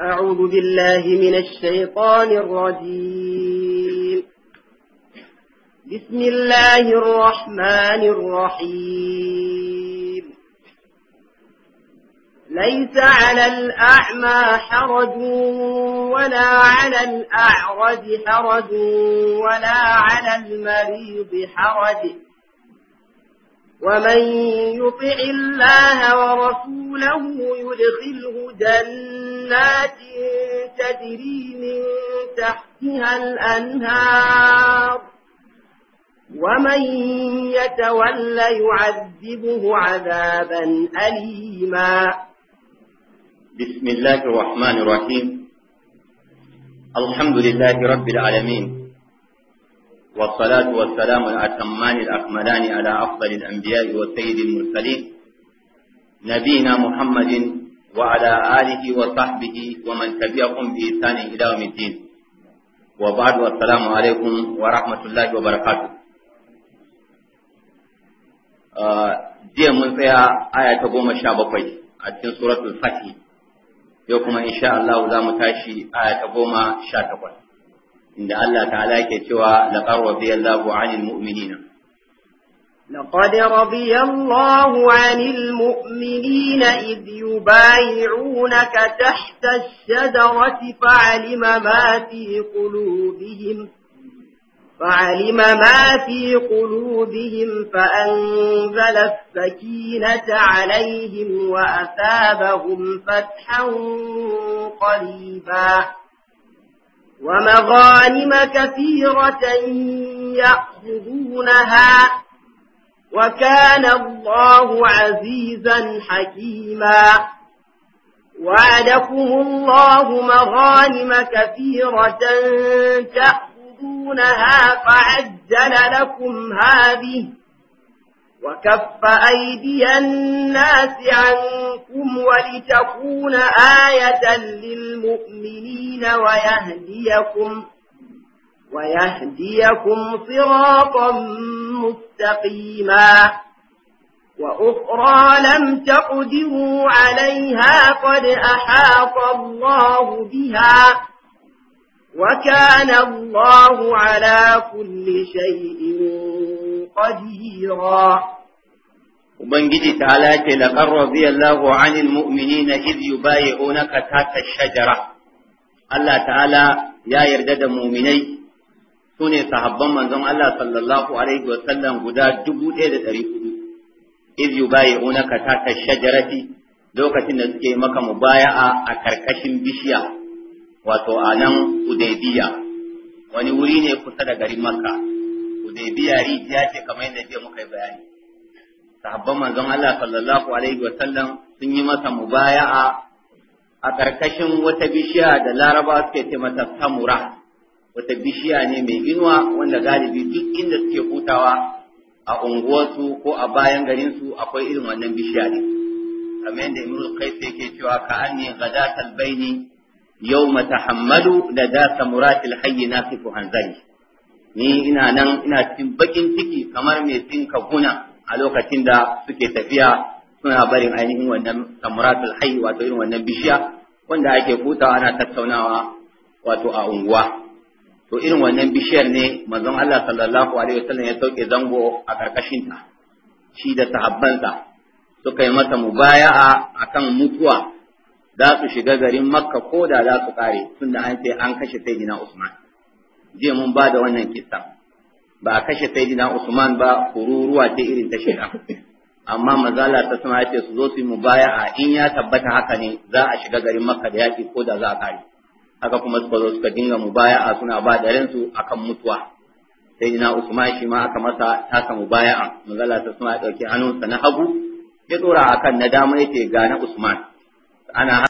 أعوذ بالله من الشيطان الرجيم بسم الله الرحمن الرحيم ليس على الأعمى حرج ولا على الأعرج حرج ولا على المريض حرج ومن يطع الله ورسوله يدخله جنة جنات تجري من تحتها الأنهار ومن يتولى يعذبه عذابا أليما بسم الله الرحمن الرحيم الحمد لله رب العالمين والصلاة والسلام الأتمان الأكملان على أفضل الأنبياء وسيد المرسلين نبينا محمد وعلى آله وصحبه ومن تبعهم بإحسان إلى يوم الدين وبعد والسلام عليكم ورحمة الله وبركاته jiya mun tsaya aya ta goma sha bakwai a cikin suratul fatih yau kuma insha Allah za mu tashi aya goma sha takwas inda Allah ta'ala yake cewa laqad radiyallahu mu'minina لقد رضي الله عن المؤمنين إذ يبايعونك تحت الشجرة فعلم ما في قلوبهم فعلم ما في قلوبهم فأنزل السكينة عليهم وأثابهم فتحا قريبا ومغانم كثيرة يأخذونها وكان الله عزيزا حكيما وعدكم الله مغانم كثيرة تأخذونها فعجل لكم هذه وكف أيدي الناس عنكم ولتكون آية للمؤمنين ويهديكم ويهديكم صراطا مستقيما وأخرى لم تقدروا عليها قد أحاط الله بها وكان الله على كل شيء قديرا وبنجدي تعالى لقد رضي الله عن المؤمنين إذ يبايعونك تحت الشجرة الله تعالى يا يرجد مؤمنين su ne sahabban manzon Allah sallallahu alaihi wa sallam guda dubu ɗaya da ɗari hudu iz yubayi'unaka ta shajarati lokacin da suke maka mubaya'a a karkashin bishiya wato a nan Udaibiya wani wuri ne kusa da garin Makka Udaibiya rijiya ce kamar yadda je muka yi bayani sahabban manzon Allah sallallahu alaihi wa sallam sun yi masa mubaya'a a karkashin wata bishiya da Laraba suke ce mata Samura wata bishiya ne mai inuwa wanda galibi duk inda suke hutawa a unguwarsu ko a bayan garinsu akwai irin wannan bishiya ne kamar yadda imrul qais yake cewa ka anni ghadat yau yawma tahammalu da da samuratil na nasifu hanzali ni ina nan ina cikin bakin ciki kamar mai tsinka guna a lokacin da suke tafiya suna barin ainihin wannan samuratul hayyi wato irin wannan bishiya wanda ake hutawa ana tattaunawa wato a unguwa to irin wannan bishiyar ne manzon Allah sallallahu alaihi wasallam ya sauke zango a karkashin ta shi da sahabbansa suka yi masa mubaya'a akan mutuwa za su shiga garin Makka ko da za su kare tunda an ce an kashe Sayyidina Usman je mun ba da wannan kisa. ba a kashe Sayyidina Usman ba kururuwa ta irin ta shiga amma mazala ta sama ya ce su zo su yi mubaya'a in ya tabbata haka ne za a shiga garin Makka da yaki ko da za a kare haka kuma suka zo suka dinga mubaya'a suna ba da akan mutuwa sai ina Usman shi ma aka masa taka mubaya'a manzala ta suna ɗauki hannunsa na hagu ya dora akan na dama yace ga na Usman ana